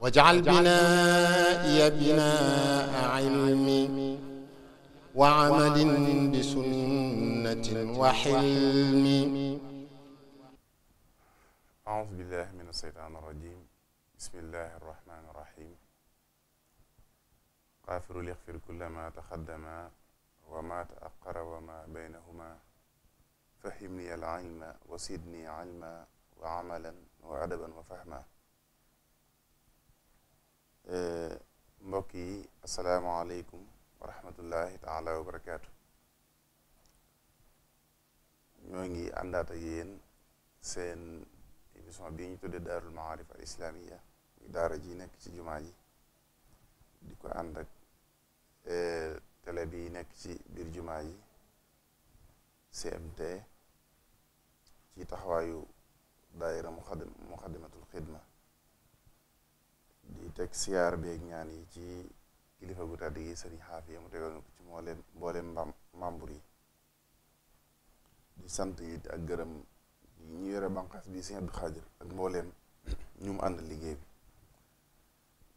واجعل بنائي بناء علم وعمل بسنة وحلم أعوذ بالله من الشيطان الرجيم بسم الله الرحمن الرحيم غافر ليغفر كل ما تقدم وما تأخر وما بينهما فهمني العلم وزدني علما وعملا وأدبا وفهما Euh, mbokk yi asalaamaaleykum wa rahmatullahi taala wa ñoo ngi àndaat ak yéen seen émission bii ñu tuddee daarul maarif al islaamiya muy daara ji nekk ci jumaa ji di ko ànd ak euh, télé bi nekk ci biir jumaa ji CMT ci taxawaayu daayira muxaddimatul xidma di teg siyaar beeg ñaan yi ci kilifa gu tàdd gi sëriñ xaafiya mu tegal ko ci mboolem mboolem mbam membre yi di sant it ak gërëm ñu yore banqaas bi seen Abdu Xaadir ak mbooleem ñu ànd liggéey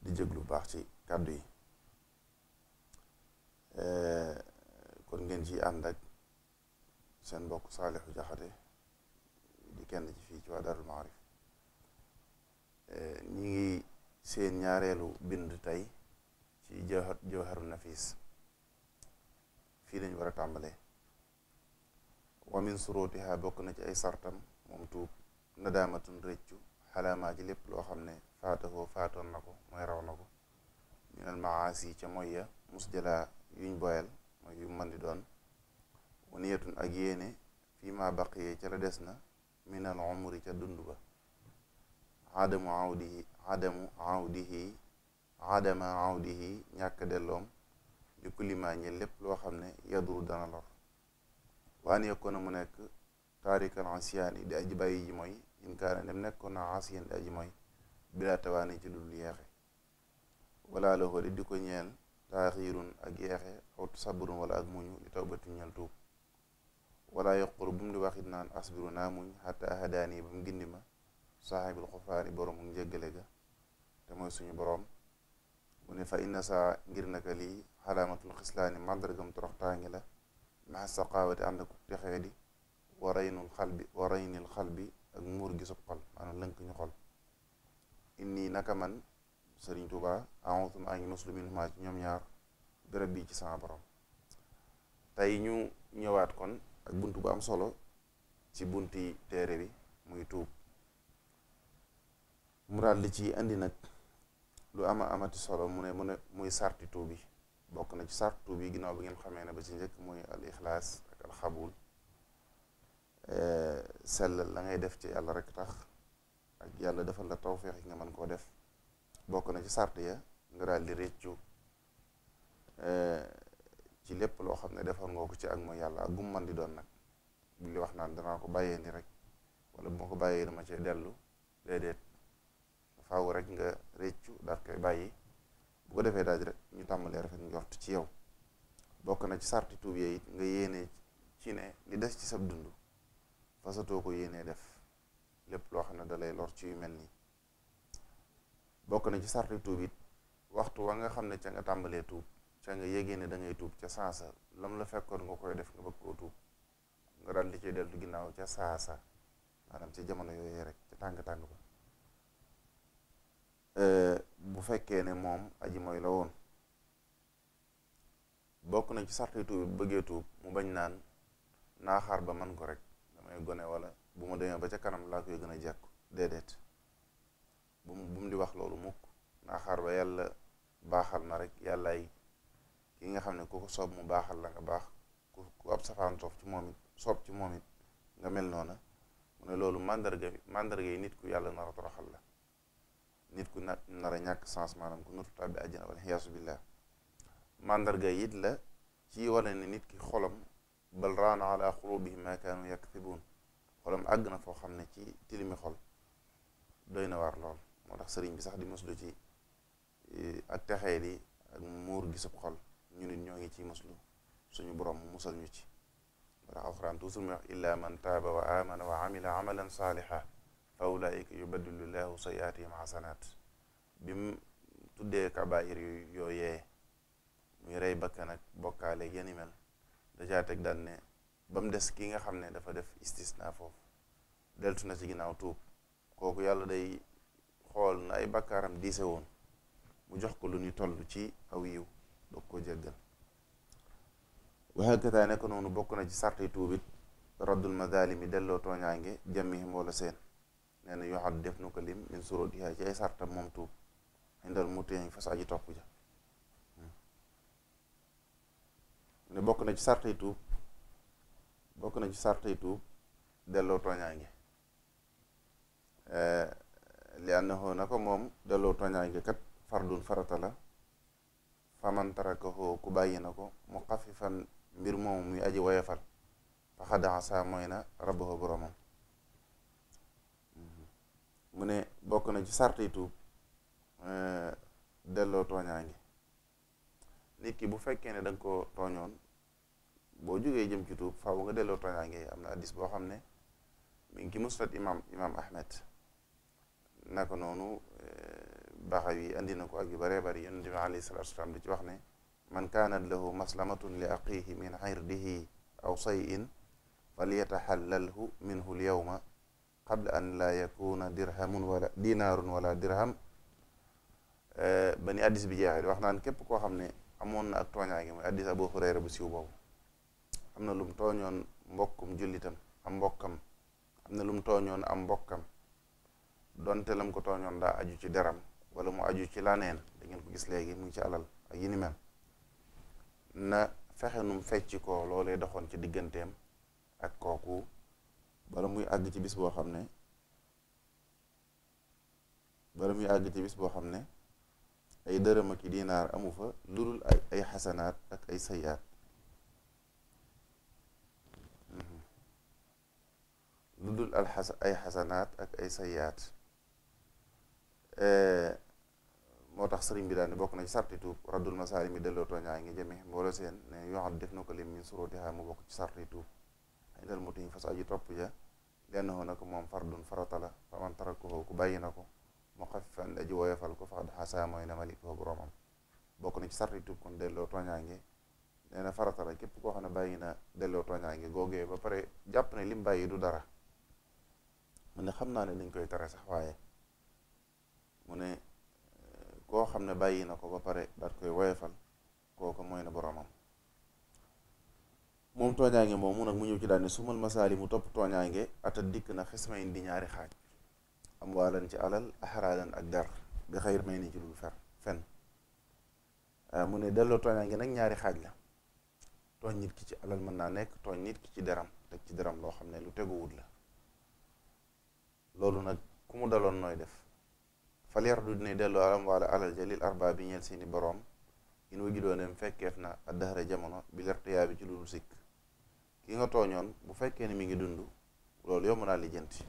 bi di jéglu baax ci kàddu yi eh, kon ngeen ci ànd ak seen mbokk Saalixu Jaxate di kenn ci fii ci waa Daarul Maarif eh, ñi seen ñaareelu bind tey ci jawharu nafis fii lañ war a tàmbalee wa min surutiha bokk na ci ay sartam moom tuub nadaamatun rëccu xalaamaa ci lépp loo xam ne faatahoo faatoon na ko mooy raw na ko minal maasi ca moy ya musjalaa yuñ boyal mooy yu mën di doon waniyatun ak yéene fii ma baqiyee ca la des na minal umri ca dund ba adamu awdihi adamu awdihi adama ñàkk delloom li kulima ñi lépp loo xam ne yaduru dana lor waan yakuna mu nekk taarikan asiyan yi di aji bàyyi ji mooy in kaana dem nekkoon na asiyan di aji mooy bilaa tawaani ci dul wala loxo di ñeel taaxiirun ak yeexe aw sabrun wala ak muñu li tawbati ñeel tuub wala yoqur bu di waxit naan asbiru naa muñ xataa hadaani ba gindi ma saaxibul xufaari boroomu njéggale ga te mooy suñu boroom mu ne fa inna saa ngir naka lii xalaamatul xislaani màndargam toroxtaangi la maxa saqaawati ànd ak texee di wa raynul xal bi ak muur gi sub xol maanaam lënk ñu xol inni naka man sëriñ Tuubaa a'uuzu maa ngi muslu minhumaa ci ñoom ñaar béréb bi ci sama borom tey ñu ñëwaat kon ak bunt bu am solo ci bunt bunti téere bi muy tuub mu muraad li ci indi nag lu ama amati solo mu ne mu ne muy sarti tuubi bokk na ci sarti tuubi ginnaaw bi ngeen xamee ne ba ci njëkk mooy al ixlaas ak al xabul eh, sellal la ngay def ci yàlla rek tax ak yàlla defal la tawféex yi nga man koo def bokk na ci sart ya nga daal di réccu eh, ci lépp loo xam ne defoon ngoo ko ci ak mooy yàlla ak gum man di doon nag li wax naan danaa ko bàyyee ni rek wala bu ma ko bàyyee dama cee dellu déedéet faaw rek nga réccu daal koy bàyyi bu ko defee daal rek ñu tàmbalee rafet njort ci yow bokk na ci sarti tuub yee it nga yéene ci ne li des ci sab dund fasatoo ko yéenee def lépp loo xam ne dalay lor ci yu mel nii bokk na ci sarti tuub it waxtu wa nga xam ne ca nga tàmbalee tuub ca nga yégee ne da ngay tuub ca saasa lam la fekkoon nga koy def nga bëgg koo tuub nga daal di cay dellu ginnaaw ca saasa maanaam ca jamono yooyee rek ca tàng-tàng ba Eh, bu fekkee ne moom aji mooy la woon bokk na ci sarti tuub bu bëggee tuub mu bañ naan naa xaar ba man ko rek damay gone wala bu ma demee ba ca kanam laa koy gën a jàkku déedéet bu bu di wax loolu mukk naa xaar ba yàlla baaxal na rek yàllaay ki nga xam ne ku ko soob mu baaxal la nga baax ku ab safaan soob ci moom it soob ci moom it nga mel noona mu ne loolu màndarga màndarga yi nit ku yàlla nar toroxal la nit ku na nar a ñàkk sens maanaam ku natu tàbbi àjjana wala xiyaasu billah mandarga yit la ci wane ne nit ki xolam bal raana ala xulubihim ma kaanu yaktibun xolam àgg na foo xam ne ci tilimi xol doy na waar lool moo tax sëriñ bi sax di moslu ci e, ak texee muur gisub xol ñu nit ñoo ngi ci moslu suñu borom musal ñu ci moo tax alxuraan toujours mu wax illa man taaba wa amana wa amila amalan saaliha fa ulaayika yubaddilu llaahu sayyiaatihim xasanaat bi mu tuddee kabaayir yoo yooyee muy rey bakkan ak bokkaale ak yeni mel dajaa teg daan ne ba mu des ki nga xam ne dafa def istisna foofu deltu na ci ginnaaw tuub kooku yàlla day xool na ay bakkaaram diise woon mu jox ko lu ñu toll ci aw yiw doog ko jéggal waxeekataa nekk noonu bokk na ci sarti tuubit raddul mazalimi delloo tooñaange jàmmihim wala seen nee na yoo def na ko lim min surutiha ci ay sartam moom tuub indal mu teeñ fas aji topp ja hmm. ne bokk na ci sartay tuub bokk na ci sartay tuub delloo tooñaange eh, li annahu na ko moom delloo tooñaange kat fardun farata la faman tarakahu ku bàyyi na ko mu xafifan mbir moomu muy aji woyefal fa xadaxa saa mooy na rabahu boromam mu ne bokk na ci sart yi euh, delloo tooñaange nit bu fekkee ne da ko tooñoon boo jógee jëm ci tuub faaw nga delloo tooñaange am na addis boo xam ne mi ngi ci musnad imam imam ahmed naka noonu euh, Baxawi andi na ko ak yu baree bari yonent bi alayhi salaatu wasalaam di ci wax ne man kaanat lahu maslamatun li aqihi min xirdihi aw sayin falyataxallalhu minhu lyawma qabla an laa yakuna dirhamun wala dinaarun wala dirham ba ni addis bi jeexee wax naan képp koo xam ne amoon na ak tooñaa ngi mooy addis Abu bu siiw boobu am na lum tooñoon mbokkum jullitam a mbokkam am na lum tooñoon am mbokkam donte lam ko tooñoon daa aju ci deram wala mu aju ci laneen da ko gis léegi mu ngi ci alal ak yi ni mel na fexe num fecc ko loolee doxoon ci digganteem ak kooku bala muy àgg ci bis boo xam ne bala muy àgg ci bis boo xam ne ay dërëm ak i dinaar amu fa lu dul ay xasanaat ak ay sayaat lu alxasa ay xasanaat ak ay sayaat mm-hmm. eh, moo tax sëriñ bi daal bokk na ci sarti tuub raddul masaari mi delloo tooñaa ngi jëme mbooloo seen ne yoxat def na ko lim min suróotihaa mu bokk ci sarti tuub indal mu tiy fas aju topp ja lenn hu nag moom fardun farata la fa man tara ku bàyyi na ko mu xafifan daji woyofal ko faqad mooy na malikuhu boromam bokk na ci sarti tub kon delloo tooñaange nee na farata la képp koo xam ne bàyyi na delloo tooñaange googee ba pare jàpp ne lim bàyyi du dara mu ne xam naa ne dañ koy tere sax waaye mu ne eh, koo xam ne bàyyi na ko ba pare daat koy woyofal kooku mooy na boromam moom tooñaange moomu nag mu ñëw ci daal ne sumal masaali mu topp tooñaange ata dikk na xismayin di ñaari xaaj am waalan ci alal axaraadan ak dar bi xayr may ni ci lu fer fen ah, mu ne delloo tooñaange nag ñaari xaaj la tooñ nit ki ci alal mën naa nekk tooñ nit ki ci deram teg ci deram loo xam ne lu teguwut la loolu nag ku mu daloon nooy def fal yardu dina delloo alam wala alal ja lil arbaa bi ñeel seeni boroom in wujudoon dem fekkeef na addahra jamono bi lertiyaa bi ci lu sikk li nga tooñoon bu fekkee ne mi ngi dund loolu yomb naa lijjanti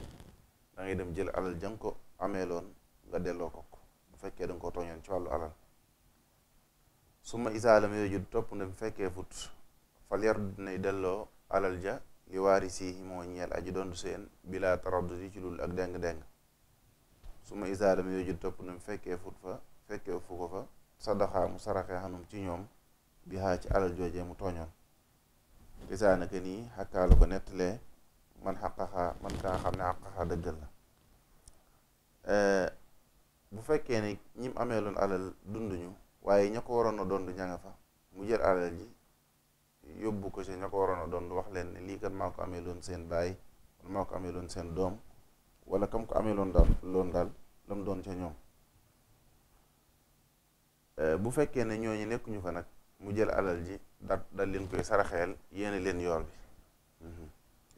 da ngay dem jël alal jang ko loon nga delloo ko bu fekkee da nga ko tooñoon ci wàllu alal suma isaalam yooyu jud topp ndem fekkee fut fal yar dinay delloo alal ja li waari sii moo doon seen bila taraddudi ci lul ak deng-deng suma isaalam yooyu jud topp ndem fekkee fut fa fekkee fu ko fa sadaxaa mu saraxee xanum ci ñoom bi xaa ci alal joojee mu tooñoon lisaanaka nii xakkaa la ko nettalee man xaqaxaa man kaa xam ne xaqaxaa dëggal la euh, bu fekkee ne amee loon alal dunduñu waaye ña ko waroon a doon ña nga fa mu jël alal yi yóbbu ko si ña ko waroon a doon dond wax leen ne lii kat maa ko loon seen baay wala maa ko amee loon seen doom wala kam ko amee daal loon daal lam doon ca ñoom euh, bu fekkee ne ñooñu nekkuñu fa nag mu jël alal ji da dal leen koy saraxeel yéene leen yool bi mhm.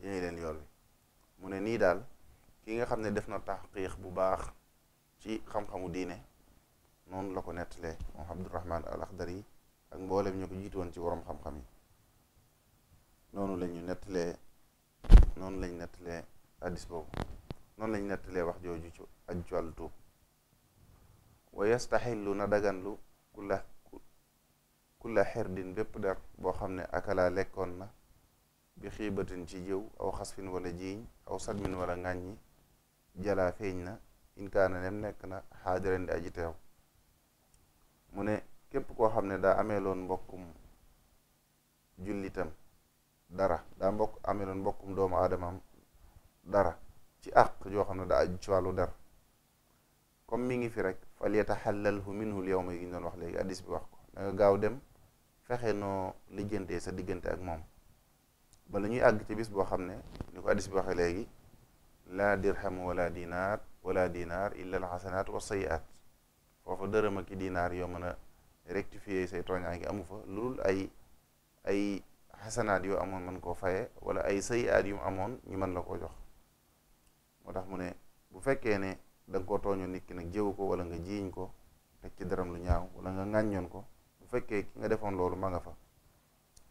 yéene leen yool bi mu ne nii daal ki nga xam ne def na taxqiq bu baax ci xam-xamu diine noonu la ko nettle moom Abdurahman al Akhdari ak mboolem ñu ko jiitu ci worom xam-xam yi noonu la ñu nettalee noonu lañ nettalee addis boobu noonu lañ nettalee wax jooju ci aju ci wàllu tuub wa yastaxillu na daganlu kulla kulla xerdin bépp der boo xam ne akala lekkoon na bi xiibatin ci jëw aw xasfin wala jiiñ aw sadmin wala ŋàññi jalaa feeñ na inkaana nem nekk na xaadiran di aji teew mu ne képp koo xam ne daa ameeloon mbokkum jullitam dara daa mbokk ameeloon mbokkum doomu aadamam dara ci àq yoo xam ne daa aju ci wàllu der comme mi ngi fi rek fal yataxallalhu minhu l yawma yi ñu doon wax léegi addis bi wax ko da gaaw dem fexe noo lijjantee sa diggante ak moom ba la ñuy àgg ci bis boo xam ne ni ko addis bi waxee léegi laa dirham wala dinaar wala dinaar illa al xasanaat wa sayiat foofa dërëm ak i dinaar yoo mën a rectifier say tooñaa ngi amu fa loolu ay ay xasanaat yoo amoon man koo faye wala ay sayiat yu amoon ñu mën la koo jox moo tax mu ne bu fekkee ne da ko koo tooñoon nit ki nag jëw ko wala nga jiiñ ko teg ci dërëm lu ñaaw wala nga ŋàññoon ko fekkee ki nga defoon loolu ma nga fa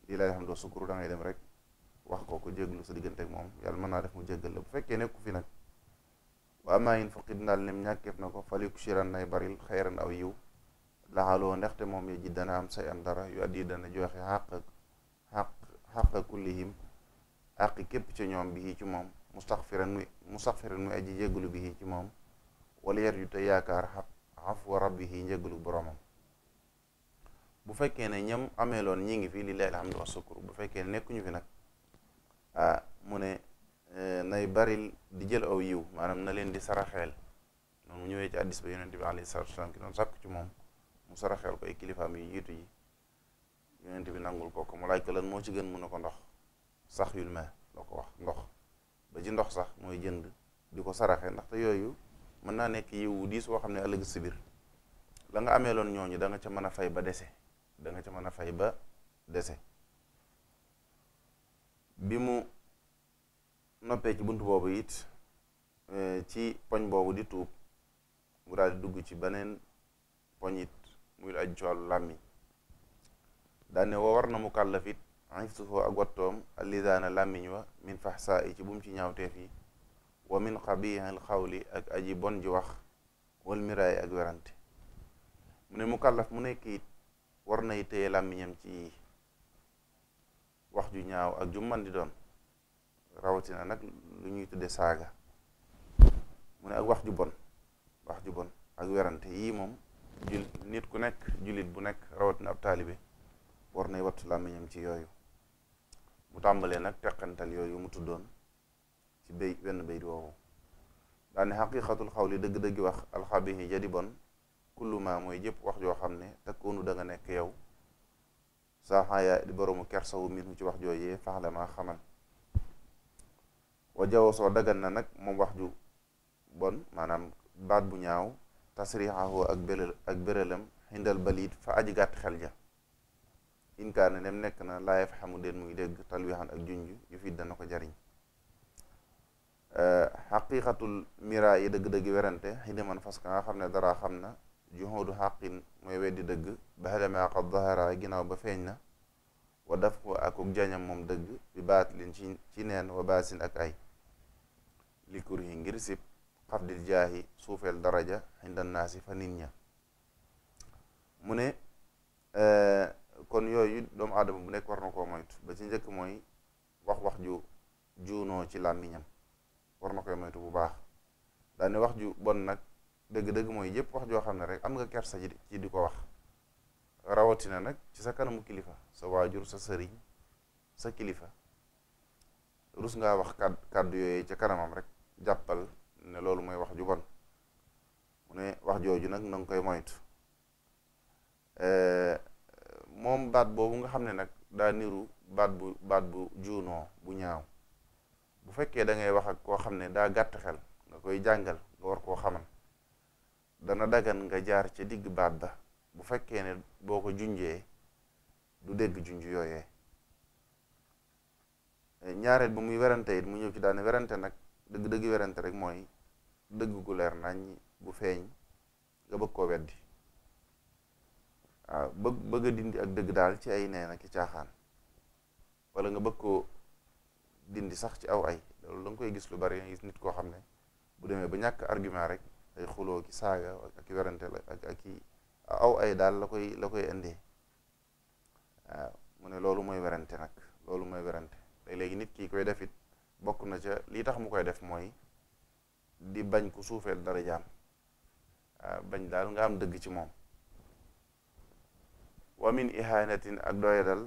lii lay xam doo sukuru da dem rek wax ko ko jéglu sa diggante moom yàlla mën naa def mu jéggal la bu fekkee nekku fi nag wa amaa in faqid ndaal nem ñàkkeef na ko faliku shiran nay baril xayran aw yiw laxaaloo ndaxte moom ya ji dana am say an dara yu addi dana joxe xàq xàq xàq kullihim àqi képp ci ñoom bi ci moom mustaxfiran muy mustaxfiran muy aji jéggalu bi ci moom wala yar yu te yaakaar xaf wa rabbihi njéggalu bu fekkee ne ñam amee loon ñi ngi fi lillahi alhamdu wa sukur bu fekkee nekkuñu fi nag ah mu ne e, nay baril di jël aw yiw maanaam na leen di saraxeel noonu mu ñëwee ci addis ba yonente bi alayhi salatu ci moom mu saraxeel ko ay kilifaam yu jiitu yi yonente bi nangul ko ko mu laaj lan moo ci gën mu ne ko ndox sax yul la ko wax ndox ba ci ndox sax mooy jënd di ko saraxee ndaxte yooyu mën naa nekk yiwu diis woo xam ne ëllëg si biir la nga ameeloon ñooñu da ca mën a fay ba dese da ca mën a fay ba dese bi mu noppee ci bunt boobu it eh, ci poñ boobu di tuub mu daal di dugg ci beneen poñ it muy aju ci làmmiñ daane woo war na mu kàllaf it ansuhu ak wattoom allisaana làmmiñ wa min faxsaa yi ci bu ci ñaawteef yi wa min xabiixil xawli ak aji bon ji wax wal miraay ak werante mu ne mu mu nekk it war nay téye làmmiñam ci wax ju ñaaw ak ju doon rawatina nag lu ñuy tudde saaga mu ne ak wax ju bon wax ju bon ak werante yii moom nit ku nekk jullit bu nekk rawatina ab taalibe war nay wattu làmmiñam ci yooyu mu tàmbalee nag teqantal yooyu mu tuddoon ci béy wenn béy di woowu daane xaqiqatul xawli dëgg-dëggi wax alxabihi jadi bon kulluma mooy jëpp wax joo xam ne takkoonu da nga nekk yow saaxaaya di boroomu kersawu minu ci wax jooyee faxle maa xamal wa jawo soo dagan na nag moom wax ju bon maanaam baat bu ñaaw tasrixahu ak bérel ak bérélam xindal baliit fa aji gàtt xel ja inkaar ne nem nekk na laayaf xamu den muy dégg talwixan ak junj yu fit dana ko jariñ xaqiqatul mira yi dëgg-dëgg werante xi man fas ka nga xam ne dara xam na juhuudu xaqin mooy weddi dëgg baxadama qad zahara ginnaaw ba feeñ na wa daf ko akuk jañam moom dëgg bi baat lin ci ci neen wa baasin ak ay likur yi ngir sib xafdil jaahi suufeel daraja xinda naasi fa nit ña mu ne e, kon yooyu doomu aadama bu nekk war na koo moytu ba ci njëkk mooy wax wax ju juunoo ci làmmiñam war na koy moytu bu baax daane wax ju bon nag dëgg-dëgg mooy yëpp wax joo xam ne rek am nga ker sa ci di ko wax rawatina nag ci sa kanamu kilifa sa waajur sa sëriñ sa kilifa rus ngaa wax kàddu kàddu yooyu ca kanamam rek jàppal ne loolu mooy wax ju mu ne wax jooju nag na nga koy moytu moom baat boobu nga xam ne nag daa niru baat bu baat bu juunoo bu ñaaw bu fekkee da ngay wax ak koo xam ne daa gàtt xel nga koy jàngal nga war koo xamal dana dagan nga jaar ca digg baat ba bu fekkee ne boo ko junjee du dégg junj yooyee ñaareel ba muy werante it mu ñëw ci daane werante nag dëgg-dëgg werante rek mooy dëgg gu leer nañ bu feeñ nga bëgg koo weddi waaw bëgg bëgg a dindi ak dëgg daal ci ay neen na ki caaxaan wala nga bëgg koo dindi sax ci aw ay loolu da koy gis lu bari nga gis nit koo xam ne bu demee ba ñàkk argument rek ay xuloo ki saaga ak i werante ak la koy la koy indee mu ne loolu mooy werante nag loolu mooy werante léegi nit ki koy def it bokk na ca lii tax mu koy def mooy di bañ ku suufeel dara jaam bañ daal nga am dëgg ci moom wa min ihanatin ak doyadal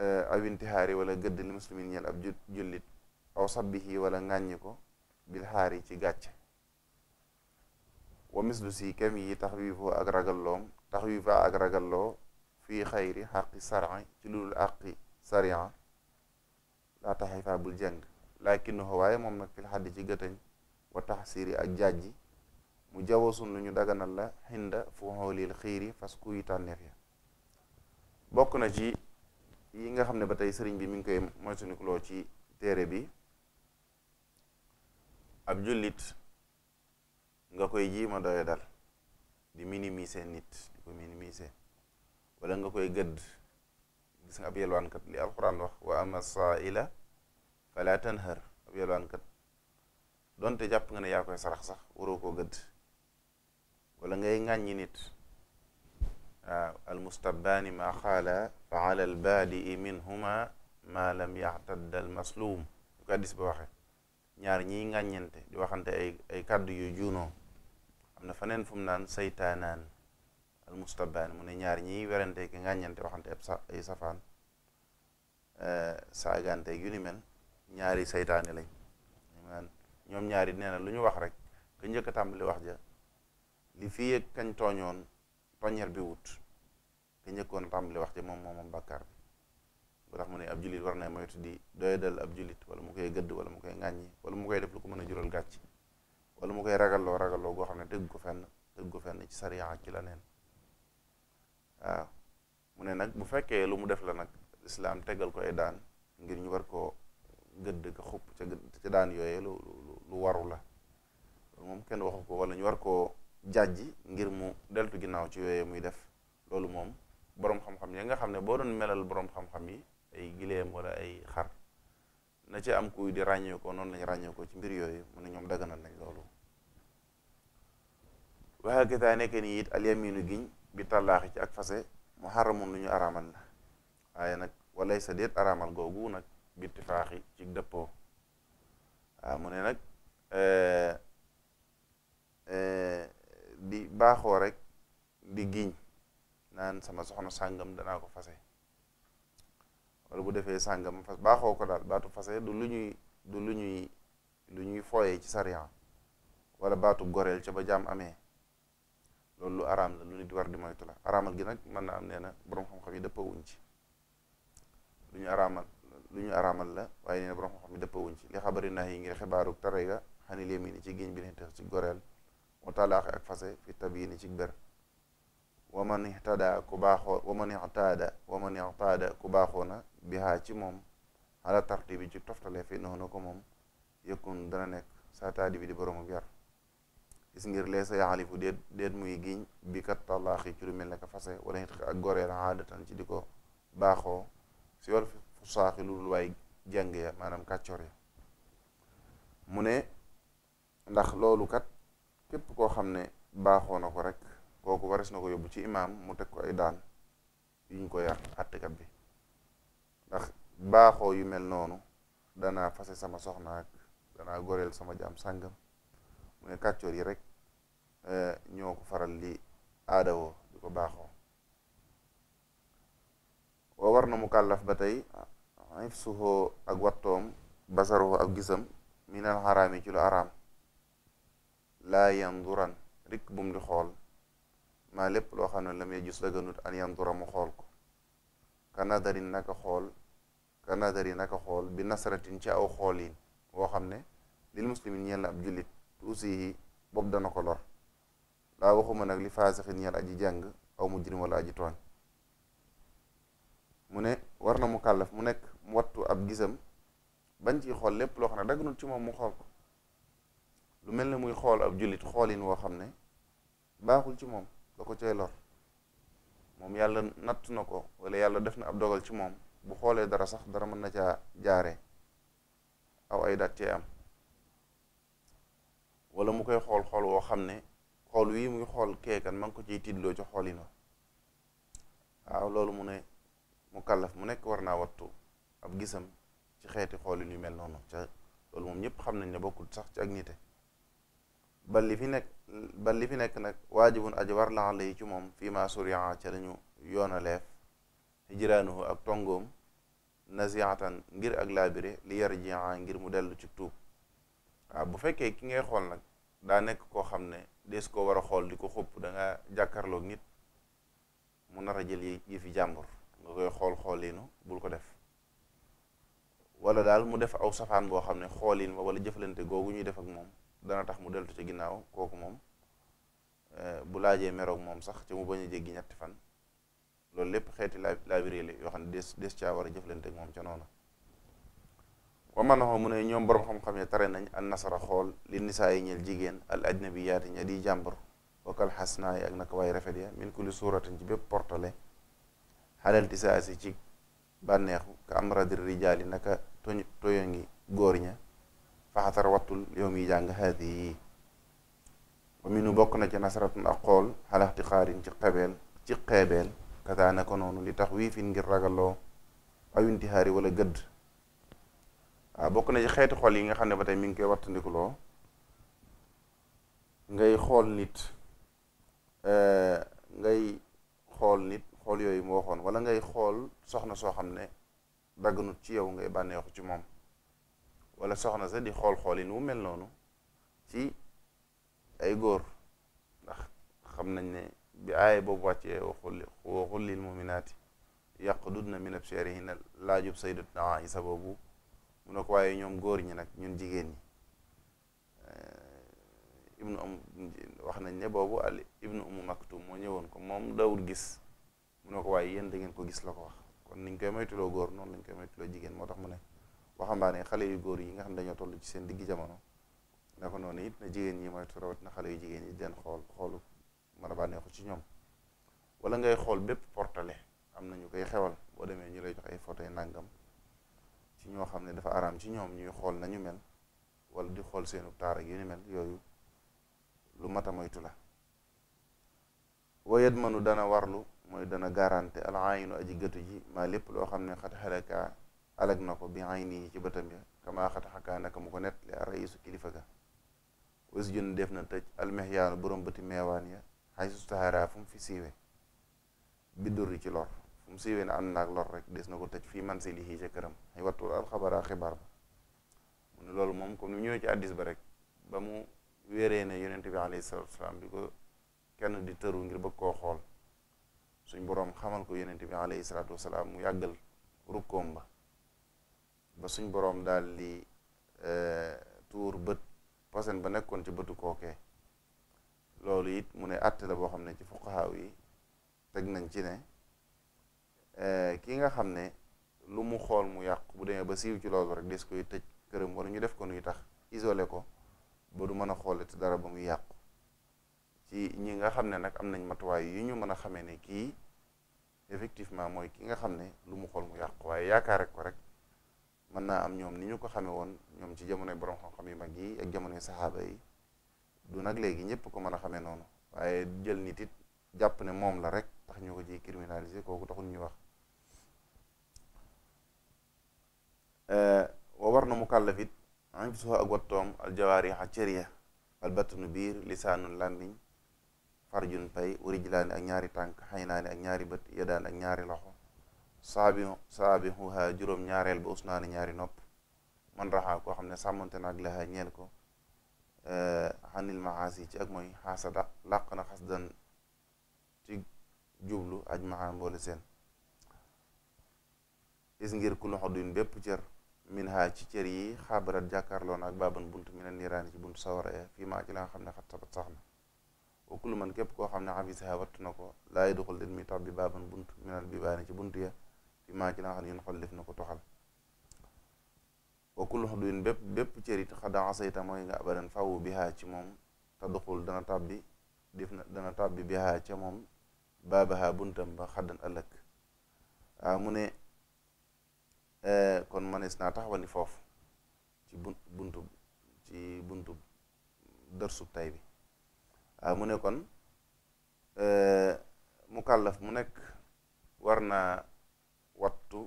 eh, aw intihaari wala gëdd li muslimin ñeel ab jullit aw sabbihi wala ŋàññi ko bil xaari ci gàcce wa mislu si kem yi taxwiifu ak ragalloom taxwiifa ak ragalloo fii xayri xaqi sarci ci ludul àqi sarian laa taxifa bul jàng lakinnahu waaye moom nag fil xaddi ci gëtëñ wa taxsiri ak jajji mu jawo lu ñu daganal la xinda fu xoolil xiiri fas kuy tànneef ya bokk na ci yi nga xam ne ba tey sëriñ bi mi ngi koy moytunikuloo ci téere bi ab jullit nga koy jiima doya dal di minimiser nit di ko minimiser wala nga koy gëdd gis nga ab yelwaankat li alquran wax wa ama saaila fala tanhar ab yelwaankat donte jàpp nga ne yaa koy sarax sax waroo koo gëdd wala ngay ŋàññi nit waaw al mustabaani ma xaala fa ala al minhuma ma lam yaxtadda al masluum ko addis ba waxe ñaar ñiy ngàññante di waxante ay ay kàddu yu juunoo am na faneen fu mu naan seytaanaan al mustabaan mu ne ñaar ñiy werante ki ngàññante waxante ay safaan eh, saagante yu ni mel ñaari saytaane lañ ñoom ñaari nee lu ñu wax rek ka njëkk a tàmbali wax ja li fii kañ tooñoon toñeer bi wut ka njëkkoon a tàmbali wax ja moom moomam bàkkaar ba tax mu ne ab julit war na moytu di doyadal ab jullit wala mu koy gëdd wala mu koy ŋàññi wala mu koy def lu ko mën a jural gàcc wala mu koy ragalloo ragalloo goo xam ne dëgg ko fenn dëgg ko fenn ci sariya ci la neen waaw mu ne nag bu fekkee lu mu def la nag islaam tegal ko ay daan ngir ñu war koo gëdd ka xupp ca daan yooyee lu lu waru la moom kenn waxu ko wala ñu war koo jàjji ngir mu deltu ginnaaw ci yooyee muy def loolu moom boroom xam-xam yi nga xam ne boo doon melal boroom xam yi ay gileem wala ay xar na ci am kuy di ràññee ko noonu lañ ràññee ci mbir yooyu mu ne ñoom daganal nañ loolu waxa gisaa nekk nii it alyaminu giñ bi tallaaxi ci ak fase mu xaramun lu ñu araamal la waaye nag walay sa déet araamal googu nag bittifaaxi ci dëppoo waaw mu ne nag eh, eh, di baaxoo rek di giñ naan sama soxna sàngam danaa ko fase wala bu defee sàngam fas baaxoo ko daal baatu fase du lu ñuy du lu ñuy lu ñuy fooyee ci sariya wala baatu goreel ca ba jaam amee loolu lu araam la lu nit war di moytu la araamal gi nag mën na am nee na borom xam-xam yi dëppoo wuñ ci lu ñu la waaye nee na borom xam-xam yi dëppoo wuñ ci li xabari nax yi ngir xibaaru tere ga xani léemi ni ci géñ bi ne ci goreel moo talaaxe ak fase fi tab yi ni ci ber wa man ihtada ku baaxoo wa man ihtada wa man ihtada ku baaxoo na bihaa ci moom ala tartibi ci toftale fi noonu ko moom yëkkun dana nekk saa taadi bi di boroomub yar gis ngir lee sa yaxalifu déet déet muy giñ bi kat talaaxi ci lu mel ne ka fase wala it ak goreel aadatan ci di ko baaxoo si wal fu saaxi lu dul waay jàng ya maanaam kàccoor ya mu ne ndax loolu kat képp koo xam ne baaxoo na ko rek kooku wares na ko yóbbu ci imaam mu teg ko ay daan yuñ ko yar àttekat bi ndax baaxoo yu mel noonu danaa fase sama soxna ak danaa goreel sama jaam sàngam mu ne kàccoor yi rek eh, ñoo ko faral li aadawoo di ko baaxoo wa war na mu kàllaf ba tey ifsuhu ak wattoom basaruhu ak gisam minal xaraam yi ci lu araam laa yanduran rikk bum di xool maa lépp loo xam ne la muy gis dëgganut an yandura mu xool ko kanadari naka xool kanadari naka xool bi nasaratin ci aw xoolin woo xam ne lil muslimin ñeel na ab jullit tuusihi bopp dana ko lor laa waxuma nag li faasixin ñeel aji jàng aw mujrim wala aji tooñ mu ne war na mu kàllaf mu nekk mu wattu ab gisam bañ ci xool lépp loo xam ne dagganut ci moom mu xool ko lu mel ne muy xool ab jullit xoolin woo xam ne baaxul ci moom da ko cay lor moom yàlla natt na ko wala yàlla def na ab dogal ci moom bu xoolee dara sax dara mën na caa jaare aw ay daat cee am wala mu koy xool xool woo xam ne xool wii muy xool keekan ma ngi ko ciy tiidloo ci xoolin wa waaw loolu mu ne mu kàllaf mu nekk war naa wattu ab gisam ci xeeti xoolin yu mel noonu ca loolu moom ñëpp xam nañ ne bokkul sax ci ak nite ba li fi nekk ba li fi nekk nag waajibun aji war la lay ci moom fii ma suriya ca dañu yoonaleef hijraanuhu ak tongoom nasiatan ngir ak laabire li yarjia ngir mu dellu ci tuub waaw bu fekkee ki ngay xool nag daa nekk koo xam ne des koo war a xool di ko xupp da nga jàkkarloog nit mu nar a jël yi fi jàmbur nga koy xool xooliinu bul ko def wala daal mu def aw safaan boo xam ne xooliin wa wala jëflante googu ñuy def ak moom dana tax mu deltu ci ginnaaw kooku moom eh, bu laajee meroog moom sax ci mu bañ a jéggi ñetti fan loolu lépp xeeti laa la yoo xam ne des des caa war a jëflante moom ca noona wa man mu ne ñoom borom xam-xam yi tare nañ an nasara xool li nisaa yi ñeel jigéen al ajnabiyaati ña di jàmbar wakal xas naa yi ak naka waay rafet ya min kulli suuratin ci bépp portale xalal tisaasi ci bànneexu ka amradir jaali naka toñ toyo ngi góor ña faxatar wattul yow miy jàng xaadi yi ba minu bokk na ci nasratun ak xool xalaxti xaarin ci xebeel ci xeebeel kasaana noonu li tax wii fin ngir ragaloo awinti xaari wala gëdd waaw bokk na ci xeeti xool yi nga xam ne ba tey mi ngi koy wattandikuloo ngay xool nit eh, ngay xool nit xool yooyu mu waxoon wala ngay xool soxna soo xam ne dagganut ci yow ngay bànneexu ci moom wala soxna sa di xool-xoolin wu mel noonu ci ay góor ndax xam nañ ne bi aay boobu wàccee waxul waxul lil muminaati yaqdudna min absarihinna laajub sayyidatuna Aïsa boobu mu ne ko waaye ñoom góor ñi nag ñun jigéen ñi eh, ibnu um wax nañ ne boobu al ibnu umu maktum moo ñëwoon ko moom dawul gis mu ne ko waaye yéen da ko gis la ko wax kon niñ koy moytuloo góor noonu lañ koy moytuloo jigéen moo tax mu ne waxambaane xale yu góor yi nga xam dañoo tollu ci seen digg jamono naka noonu it na jigéen ñi moytu rawat na xale yu jigéen ñi den xool xoolu mën a bànneexu ci ñoom wala ngay xool bépp portale am na ñu koy xewal boo demee ñu lay jox ay photo nangam ci ñoo xam ne dafa araam ci ñoom ñuy xool nañu mel wala di xool seenu taar ak yu ni mel yooyu lu mat a moytu la wayet manu dana warlu mooy dana garanté al aynu aji gëtu ji maa lépp loo xam ne xat xeleka alag na ko bi ay nii ci bëtam ya kamaa xataxakaa naka mu ko nett li araisu kilifa ga usjun def na tëj almexyaanu borom bëti meewaan ya xay sustaharaa fu mu fi siiwe bi durri ci lor fu mu siiwe ne ànd naak lor rek des na ko tëj fii man si lixii ca këram ay wattul alxabaraa xibaar ba mu ne loolu moom comme ni ñëwee ci addis ba rek ba mu wéree na yonent bi alayhi salatu wasalaam bi ko kenn di tëru ngir bëgg koo xool suñ boroom xamal ko yonent bi mu yàggal rukkoom ba suñ boroom daal di e, tuur bët posen ba nekkoon ci bëtu kookee loolu it mu ne àtte la boo xam ne ci fuqahaa yi teg nañ ci ne e, ki nga xam ne lu mu xool mu yàqu bu demee ba siiw ci loolu rek des koy tëj këram war wala ñu def ko nuy tax isole ko ba du mën a xoole te dara ba muy yàqu ci ñi nga xam ne nag am nañ matuwaay yi ñu mën a xamee ne kii effectivement mooy ki nga xam ne lu mu xool mu yàqu waaye yaakaar rek ko rek mën naa am ñoom ni ñu ko xamee woon ñoom ci jamonoy borom xam-xam yu mag yi ak jamonoy saxaaba yi du nag léegi ñëpp ko mën a xamee noonu waaye jël nit it jàpp ne moom la rek tax ñu ko ciy criminaliser kooku taxul ñu wax wa war na mukallaf it am ci ak wattoom aljawaariha cëriya albatnu biir lisaanun làmmiñ farjun pay urijlaani ak ñaari tànk xaynaani ak ñaari bët yadaani ak ñaari loxo saabi saabihuha juróom ñaareel ba usnaani ñaari nopp man raxaa koo xam ne sàmmante na la laha ñeel ko xanil eh, maasi ci ak mooy xaasada làq na xasdan ci jublu aj maxaa mboole seen is ngir ku loxo duñ bépp cër min ha ci cër yi xaabarat jàkkaarloona ak baaban bunt mi a niiraani ci buntu sawara ya fii maa ci la nga xam ne xat tabat sax na wa kullu man képp koo xam ne xafisaha wattu na ko laay duxul den mi tabbi baaban bunt minal bibaani ci bunt ya fi maa ci la xol def na ko toxal wa kullu xudwin bépp bépp cër it xadaa mooy nga abadan fawu bihaa ci moom tadxul dana tàbbi def na dana tàbbi bihaa ca moom baabaha buntam ba xaddan ëllëg ah, eh, waaw ah, mu ne kon manees naa taxawani foofu ci buntu ci buntu dërsub tay bi waaw mu ne mu nekk war wattu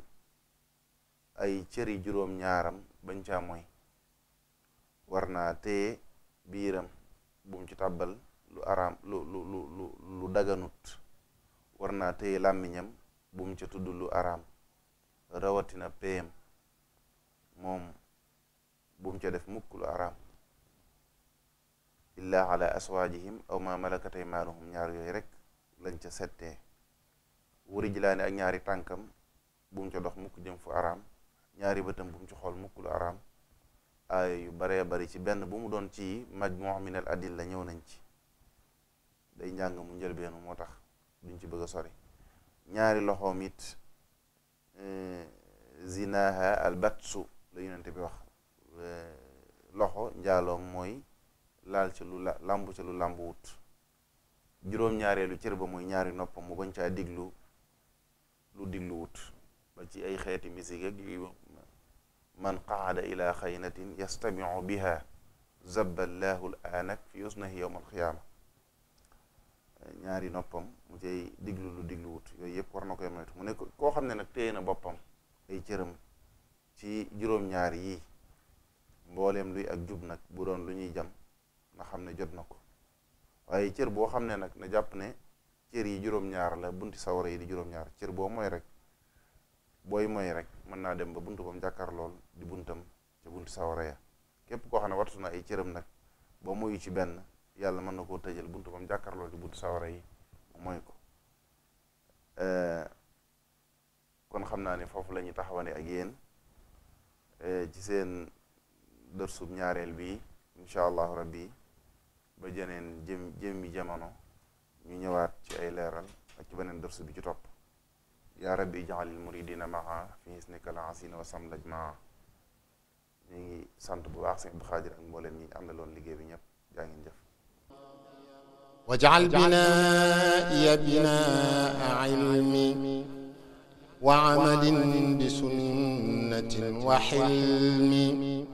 ay cëri juróom-ñaaram bañ caa mooy war naa téye biiram bum ci tàbbal lu araam lu lu lu lu daganut war naa téye làmmiñam bum ca tudd lu araam rawatina peem moom bum ca def mukk lu araam illa ala aswaajihim aw ma malakat aymaanuhum ñaar yooyu rek lañ ca settee wurijlaani ak ñaari tànkam bu mu ca dox mukk jëm fu araam ñaari bëtam bu mu ci xool mukk lu araam aaya yu baree bari ci benn bu mu doon ci majmuu ne al la ñëw nañ ci day njàng mu njëlbeenu moo tax duñ ci bëgg a sori ñaari loxoom it e, zinaha al batsu la yonent bi wax e, loxo njaaloom mooy laal ci lu làmb ci lu làmb wut juróom-ñaareelu cër ba mooy ñaari noppam mu bañ caa diglu lu diglu wut ci ay xeeti misik ak yu man qaada ila xaynatin yastamicu biha zaba llaahu l aanak fi usnahi yowm alxiyaama ñaari noppam mu cay diglu lu digluwut yooyu yëpp war na koy moytu mu ne koo xam ne nag téye na boppam ay cëram ci juróom-ñaar yi mbooleem luy ak jub nag bu doon lu ñuy jam na xam ne jot na ko waaye cër boo xam ne nag na jàpp ne cër yi juróom-ñaar la bunt sawara yi di juróom-ñaar cër boo mooy rek booy mooy rek mën naa dem ba buntu bam jàkkaar lool di buntam ca bunt sawara ya képp koo xam ne wattu na ay cëram nag boo moyu ci benn yàlla mën na koo tëjal buntu bam jàkkaar lool di buntu mooy ko kon xam naa ne foofu lañuy ñuy taxawane ak yéen ci seen dërsub ñaareel bi incha allahu rabbi ba jeneen jëm jëmmi jamono ñu ñëwaat ci ay leeral ak ci beneen dërs bi ci topp yaa rabbi jaxalil muridina maa fi hisnika la asina wa samlaj maa ñu ngi sant bu baax sëñ Abdu Xaadir ak mbooleem ñi àndaloon liggéey bi ñëpp jaa ngeen jëf wajal binaa'iya binaa'a ilmi wa amalin bi sunnatin wa hilmi